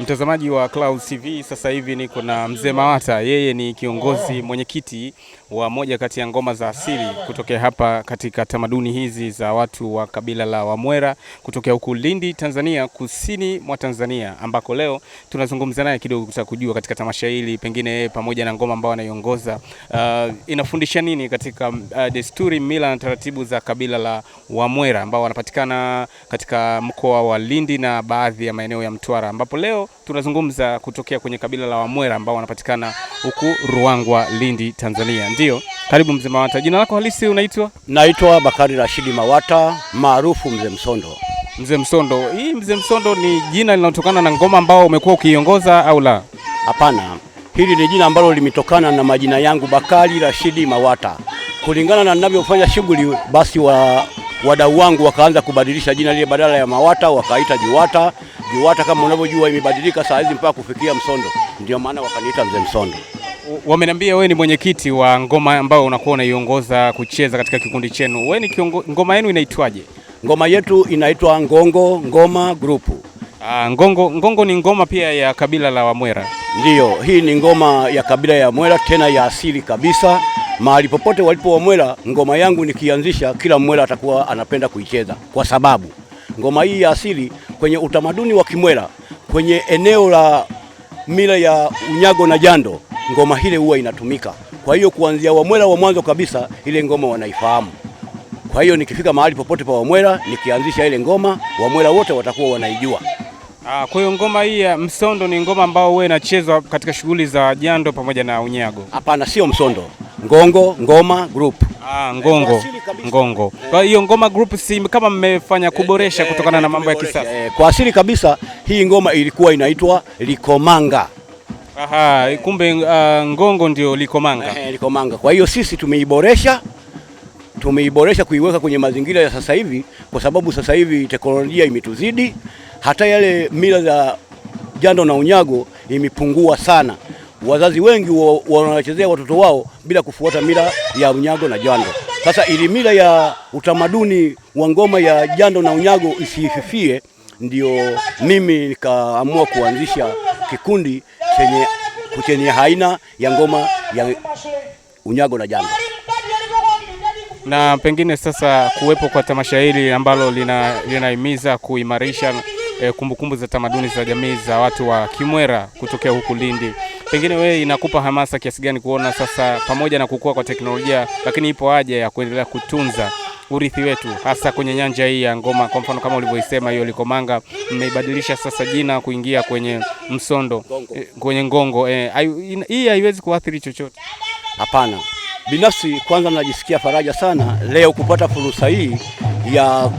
Mtazamaji wa Clouds TV, sasa hivi niko na mzee Mawata. Yeye ni kiongozi mwenyekiti wa moja kati ya ngoma za asili kutokea hapa katika tamaduni hizi za watu wa kabila la Wamwera kutokea huku Lindi, Tanzania, kusini mwa Tanzania, ambako leo tunazungumza naye kidogo kutaka kujua katika tamasha hili, pengine yeye pamoja na ngoma ambayo anaiongoza uh, inafundisha nini katika uh, desturi, mila na taratibu za kabila la Wamwera ambao wanapatikana katika mkoa wa Lindi na baadhi ya maeneo ya Mtwara, ambapo leo tunazungumza kutokea kwenye kabila la Wamwera ambao wanapatikana huku Ruangwa, Lindi, Tanzania. Ndio, karibu mzee Mawata, jina lako halisi unaitwa? Naitwa Bakari Rashidi Mawata maarufu mzee Msondo. Mzee Msondo, hii mzee Msondo ni jina linalotokana na ngoma ambao umekuwa ukiiongoza au la? Hapana, hili ni jina ambalo limetokana na majina yangu Bakari Rashidi Mawata. Kulingana na ninavyofanya shughuli, basi wa wadau wangu wakaanza kubadilisha jina lile, badala ya Mawata wakaita Juwata Juwata kama unavyojua imebadilika saa hizi mpaka kufikia Msondo, ndio maana wakaniita mzee Msondo. Wameniambia wewe ni mwenyekiti wa ngoma ambayo unakuwa unaiongoza kucheza katika kikundi chenu. Wewe ni ngoma yenu inaitwaje? Ngoma yetu inaitwa Ngongo Ngoma Grupu. Ah, Ngongo, Ngongo ni ngoma pia ya kabila la Wamwera. Ndiyo, hii ni ngoma ya kabila ya Wamwera, tena ya asili kabisa. Mahali popote walipo Wamwera, ngoma yangu nikianzisha, kila Mwera atakuwa anapenda kuicheza kwa sababu ngoma hii ya asili kwenye utamaduni wa Kimwera, kwenye eneo la mila ya unyago na jando, ngoma hile huwa inatumika. Kwa hiyo kuanzia Wamwera wa mwanzo kabisa ile ngoma wanaifahamu. Kwa hiyo nikifika mahali popote pa Wamwera nikianzisha ile ngoma, Wamwera wote watakuwa wanaijua. Ah, kwa hiyo ngoma hii ya msondo ni ngoma ambao wewe inachezwa katika shughuli za jando pamoja na unyago? Hapana, sio msondo. Ngongo Ngoma Group. Ah, Ngongo Ngongo. Kwa hiyo Ngoma Group si kama mmefanya kuboresha kutokana na mambo ya kisasa. Eh, kwa asili kabisa hii ngoma ilikuwa inaitwa Likomanga. Aha, kumbe uh, Ngongo ndio Likomanga. Eh, Likomanga. Kwa hiyo sisi tumeiboresha tumeiboresha kuiweka kwenye mazingira ya sasa hivi, kwa sababu sasa hivi teknolojia imetuzidi, hata yale mila za jando na unyago imepungua sana. Wazazi wengi wanawachezea watoto wao bila kufuata mila ya unyago na jando. Sasa ili mila ya utamaduni wa ngoma ya jando na unyago isififie ndio mimi nikaamua kuanzisha kikundi chenye chenye haina ya ngoma ya unyago na jando. Na pengine sasa kuwepo kwa tamasha hili ambalo linahimiza lina kuimarisha eh, kumbukumbu kumbu za tamaduni za jamii za watu wa Kimwera kutokea huku Lindi. Pengine wewe inakupa hamasa kiasi gani kuona sasa pamoja na kukua kwa teknolojia, lakini ipo haja ya kuendelea kutunza urithi wetu hasa kwenye nyanja hii ya ngoma. Kwa mfano kama ulivyoisema hiyo Likomanga, mmeibadilisha sasa jina kuingia kwenye msondo ngongo, eh, kwenye ngongo eh, hii haiwezi kuathiri chochote? Hapana. Binafsi kwanza najisikia faraja sana leo kupata fursa hii ya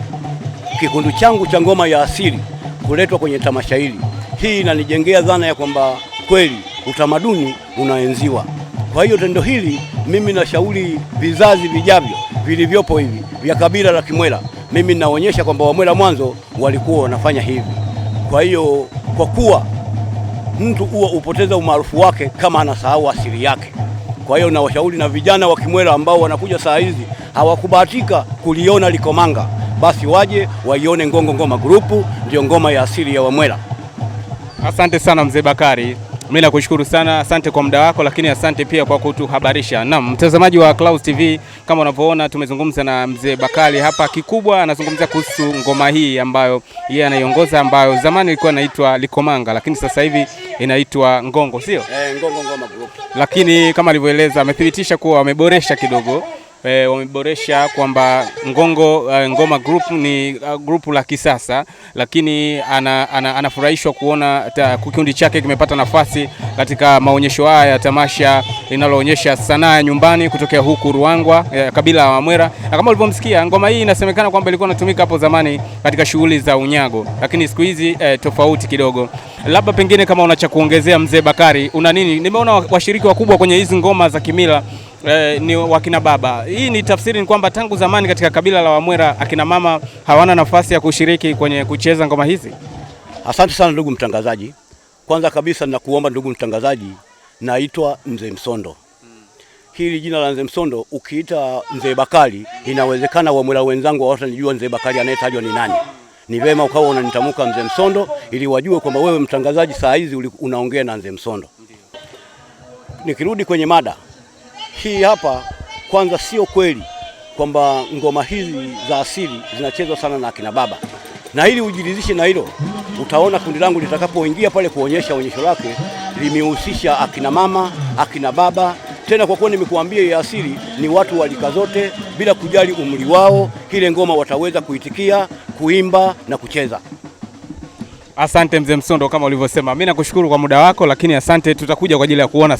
kikundi changu cha ngoma ya asili kuletwa kwenye tamasha hili. Hii inanijengea dhana ya kwamba kweli utamaduni unaenziwa. Kwa hiyo tendo hili mimi nashauri vizazi vijavyo vilivyopo hivi vya kabila la Kimwela, mimi naonyesha kwamba Wamwela mwanzo walikuwa wanafanya hivi. Kwa hiyo kwa kuwa mtu huwa hupoteza umaarufu wake kama anasahau asili yake. Kwa hiyo nawashauri na vijana wa Kimwela ambao wanakuja saa hizi hawakubahatika kuliona Likomanga, basi waje waione Ngongo Ngoma Grupu, ndiyo ngoma ya asili ya Wamwela. Asante sana mzee Bakari. Mimi nakushukuru sana, asante kwa muda wako, lakini asante pia kwa kutuhabarisha. Naam, mtazamaji wa Clouds TV, kama unavyoona tumezungumza na mzee bakali hapa, kikubwa anazungumza kuhusu ngoma hii ambayo yeye anaiongoza, ambayo zamani ilikuwa inaitwa Likomanga, lakini sasa hivi inaitwa Ngongo, sio? Eh, Ngongo Ngoma Group. Lakini kama alivyoeleza amethibitisha kuwa wameboresha kidogo e, wameboresha kwamba Ngongo e, Ngoma Group ni uh, eh, grupu la kisasa, lakini anafurahishwa ana, ana kuona ta, kikundi chake kimepata nafasi katika maonyesho haya ya tamasha linaloonyesha sanaa ya nyumbani kutokea huku Ruangwa e, kabila la Wamwera, na kama ulivyomsikia ngoma hii inasemekana kwamba ilikuwa inatumika hapo zamani katika shughuli za unyago, lakini siku hizi e, tofauti kidogo. Labda pengine kama una cha kuongezea mzee Bakari, una nini? Nimeona washiriki wakubwa kwenye hizi ngoma za kimila eh, ni wakina baba. Hii ni tafsiri ni kwamba tangu zamani katika kabila la Wamwera akina mama hawana nafasi ya kushiriki kwenye kucheza ngoma hizi. Asante sana ndugu mtangazaji. Kwanza kabisa ninakuomba ndugu mtangazaji, naitwa Mzee Msondo. Hili jina la Mzee Msondo ukiita Mzee Bakali, inawezekana Wamwera wenzangu hawatanijua Mzee Bakali anayetajwa ni nani. Ni vema ukawa unanitamka Mzee Msondo ili wajue kwamba wewe mtangazaji saa hizi unaongea na Mzee Msondo. Nikirudi kwenye mada hii hapa kwanza, sio kweli kwamba ngoma hizi za asili zinachezwa sana na akina baba, na ili ujiridhishe na hilo, utaona kundi langu litakapoingia pale kuonyesha onyesho lake limehusisha akina mama, akina baba tena kwa kuwa nimekuambia ya asili ni watu wa rika zote bila kujali umri wao, ile ngoma wataweza kuitikia, kuimba na kucheza. Asante mzee Msondo, kama ulivyosema. Mimi nakushukuru kwa muda wako, lakini asante, tutakuja kwa ajili ya kuona